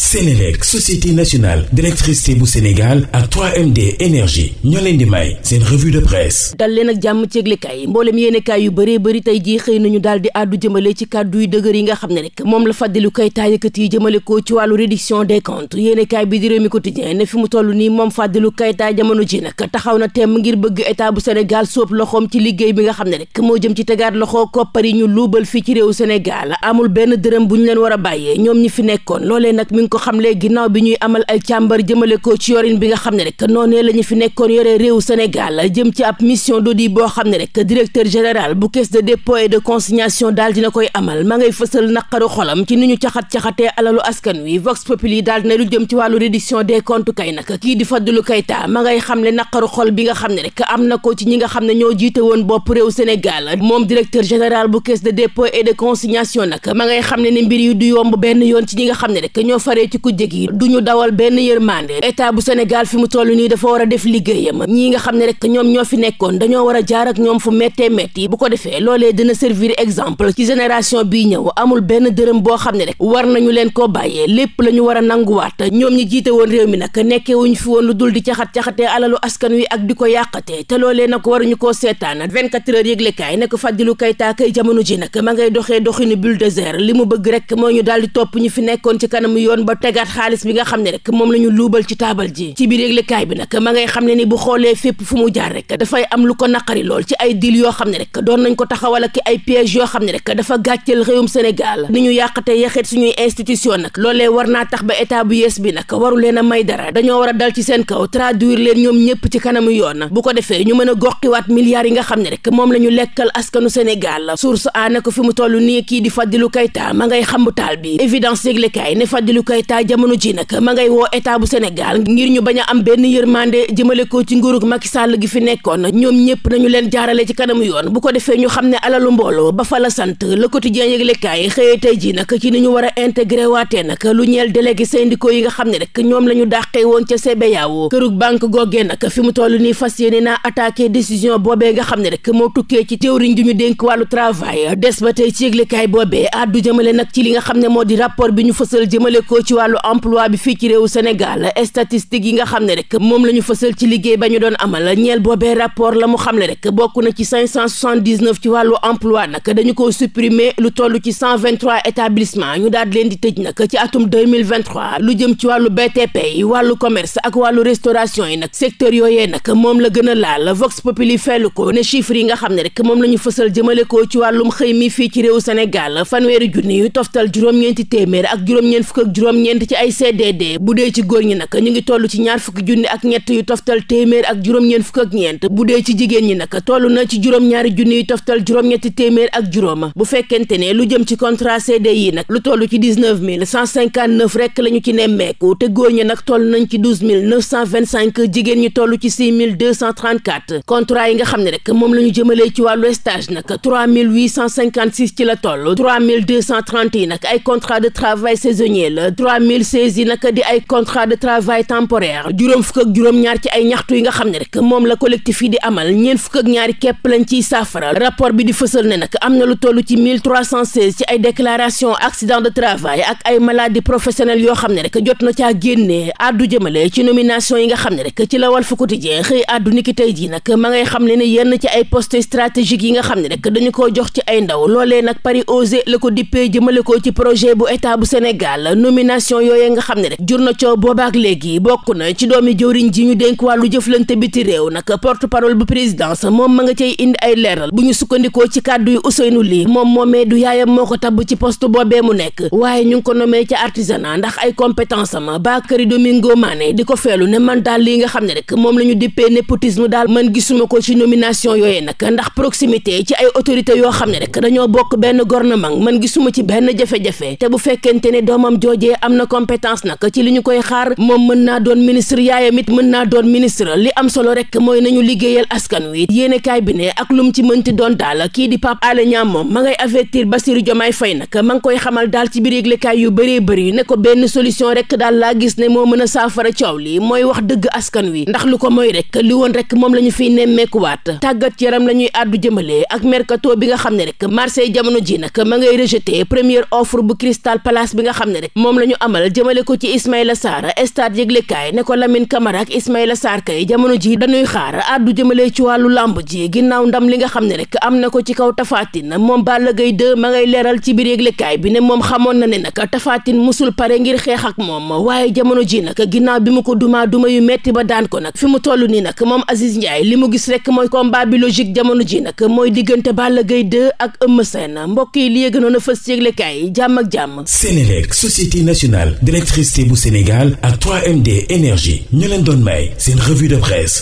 Sénélec société nationale d'électricité bu Sénégal ak md énergie ñoo leen di may seen revue de presse dal leen ak jàmm ci yëglekaay yi mboolem yéenekaay yu bëree bëri tey jii xëy nañu daal di àddu jëmale ci kàddu yu dëgër yi nga xam ne rek moom la fàddilu koy taayakat yi jëmale ko ci wàllu réduction des comptes yéenekaay bi di Rewmi Quotidien ne fi mu toll nii moom fàddilu kaytaay jamono ji nag taxaw na temm ngir bëgg état bu Sénégal sóob loxoom ci liggéey bi nga xam ne rek moo jëm ci tegaat loxo koppar yi ñu luubal fii ci réewu Sénégal amul benn dërëm bu ñu leen war a bàyyee ñoom ñu ko xamle ginnaaw bi ñuy amal ay càmbar jëmale ko ci yorin bi nga xam ne rek noonee la ñu fi nekkoon yore réew Sénégal jëm ci ab mission d'audit boo xam ne rek directeur général bu caisse de dépôt et de consignation daal koy amal ma ngay fësal naqaru xolam ci ni ñu caxat-caxatee alalu askan wi Vox Populi daal dina lu jëm ci wàllu réduction des comptes kay nag kii di Fadilou Keita ma ngay xam ne naqaru xol bi nga xam ne rek am na ko ci ñi nga xam ne ñoo jiite woon bopp réew Sénégal moom directeur général bu caisse de dépôt et de consignation nag ma ngay xam ne ne mbir yi du yomb benn yoon ci ñi nga xam ne rek ñoo far faree ci kujje gi du ñu dawal benn yërmande état bu Sénégal fi mu toll nii dafa war a def liggéeyam ñii nga xam ne rek ñoom ñoo fi nekkoon dañoo war a jaar ak ñoom fu méttee métti bu ko defee loolee dina servir exemple ci génération bi ñëw amul benn dërëm boo xam ne rek war nañu leen koo bàyyee lépp la ñu war a nanguwaat ñoom ñi jiite woon réew mi nag nekkee fi woon lu dul di caxat-caxatee alalu askan wi ak di ko yàqatee te loolee nag waruñu koo seetaan 24 heures yëglekaay nag Fadilou Keita kay ji nag ma ngay doxee doxinu bulldozer li mu bëgg rek moo ñu ci kanamu yoon ba tegaat xaalis bi nga xam ne rek moom la ñu luubal ci taabal ji ci biir yëglekaay bi nag ma ngay xam ne ni bu xoolee fépp rek dafay am ko naqari lool ci ay dil xam ne rek doon nañ ko taxawal ak ay piège yoo xam ne rek dafa gàcceel réewum Sénégal ni ñu yàqate yaxeet naa tax ba état bu yees bi nag waru leen a may dara dañoo war a dal ci seen kaw traduire leen ñoom ñëpp ci kanamu yoon bu ko defee ñu mën a goqiwaat milliards yi nga xam ne rek moom la ñu lekkal askanu Sénégal source a ne ko fi mu toll nii kii di Fadilou Keita ma ngay xambu taal bi évidence yëglekaay ne Fadilou Keita jamono ji nag ma ngay woo état bu Sénégal ngir ñu bañ a am benn yërmande jëmale ko ci nguurug Macky Sall gi fi nekkoon ñoom ñëpp nañu leen jaarale ci kanamu yoon bu ko defee ñu xam ne alalu mbooloo ba fa la sant le quotidien yëglekaay xëyee tey ji nag ci ni ñu war a intégré waatee nag lu ñeel délégué syndicaux yi nga xam ne rek ñoom la ñu dàqee woon ca CBAO kërug banque googee nag fi mu toll nii fas yéene naa attaqué décision boobee nga xam ne moo tukkee ci jëwriñ ju ñu dénk wàllu travail des ba tey ci yëglekaay boobee addu jëfandikoo ci wàllu emploi bi fii ci réew Sénégal statistique yi nga xam ne rek moom la ñu fësal ci liggéey ba ñu doon amal ñeel boobee rapport la mu xam ne rek bokk na ci 579 ci wàllu emploi nag dañu ko supprimer lu toll ci 123 établissement ñu daal leen di tëj nag ci atum 2023 lu jëm ci wàllu BTP yi wàllu commerce ak wàllu restauration yi nag secteur yooyee nag moom la gën a laal Vox Populi fellu ko ne chiffres yi nga xam ne rek moom la ñu fësal jëmale ko ci wàllum xëy mi fii ci réewu Sénégal fanweeri junni yu toftal juróom-ñeenti téeméer ak juróom-ñeent fukk juróom-ñeent ci ay CDD bu dee ci góor ñi nag ñu ngi toll ci ñaar fukki junni ak ñett yu toftal téeméer ak juróom-ñeent fukk ak ñeent bu dee ci jigéen ñi nag toll na ci juróom-ñaari junni yu toftal juróom-ñetti téeméer ak juróom bu fekkente ne lu jëm ci contrat CD yi nag lu toll ci 19 mille 159 rek la ñu ci nemmeeku te góor ñi nag toll nañ ci 12 mille 925 jigéen ñi toll ci 6 mille 234 contrat yi nga xam ne rek moom la ñu jëmalee ci wàllu stage nag 3 mille 856 ci la toll 3 mille 230 yi nag ay contrat de travail saisonnier la trois mille seize yi naka di ay contrat de travail temporaire juróom fukk ak juróom-ñaar ci ay ñaxtu yi nga xam ne rek moom la collectif yi di amal ñeen fukk ak ñaari képp lañ ciy saafara rapport bi di fësal ne nag am na lu toll ci mille cent seize ci ay déclaration accident de travail ak ay maladie professionnelle yoo xam ne rek jot na caa génnee addu jëmale ci nomination yi nga xam ne rek ci la Walf Quotidien xëy addu niki tey jii nag ma ngay xam ne ne yenn ci ay poste stratégique yi nga xam ne rek dañu koo jox ci ay ndaw loolee nag Paris Osé la ko dippee jëmale ko ci projet bu état bu Sénégal nomination yooye nga xam ne rek jur na coow boobaak léegi bokk na ci doomi jëwriñ ji ñu dénk wàllu jëflante biti réew nag porte parole bu présidence moom ma nga cay indi ay leeral bu ñu sukkandikoo ci kàddu yu Ousseynou Ly moom moomee du yaayam moo ko tabb ci poste boobee mu nekk waaye ñu ngi ko nommé ci artisanat ndax ay compétence am Bakary Domingo Mané di ko feelu ne man daal lii nga xam ne rek moom la ñu dippee népotisme daal man gisuma ko ci nomination yooye nag ndax proximité ci ay autorité yoo xam ne rek dañoo bokk benn gouvernement man gisuma ci benn jafe-jafe te bu fekkente ne doomam joojee am na compétence nag ci li ñu koy xaar moom mën naa doon ministre yaayam it mën naa doon ministre li am solo rek mooy nañu liggéeyal askan wi yéenekaay bi ne ak lum ci mënti doon daal kii di Pape Alé Niang ma ngay avertir Bassirou Diomaye Faye nag ma ngi koy xamal daal ci biir yëglekaay yu bëree bëri ne ko benn solution rek daal laa gis ne moo mën a saafara coow li mooy wax dëgg askan wi ndax lu ko moy rek li woon rek moom la ñu fiy nemmeekuwaat tàggat yaram la ñuy àddu jëmale ak mercato bi nga xam ne rek Marseille jamono ji nag ma ngay rejeté première offre bu Crystal Palace bi nga xam ne rek la ñu amal jëmale ko ci Ismaïla Sarr stade yëglekaay ne ko Lamine Camara ak Ismaïla Sarr kay jamono ji dañuy xaar addu jëmale ci wàllu làmb ji ginnaaw ndam li nga xam ne rek am na ko ci kaw tafaatin moom Balla gay 2 ma ngay leeral ci biir yëglekaay bi ne moom xamoon na ne nag tafaatin musul pare ngir xeex ak moom waaye jamono ji nag ginnaaw bi mu ko dumaa duma yu metti ba daan ko nag fi mu toll nii nag moom Aziz Ndiaye li mu gis rek mooy combat bi logique jamono ji nag mooy diggante Balla gay 2 ak Eumeu Sène mbokk yi li yëgënoon a fës yëglekaay yi jàmm ak jàmm nationale d'électricité bu Sénégal ak 3MD énergie ñu leen doon may seen revue de presse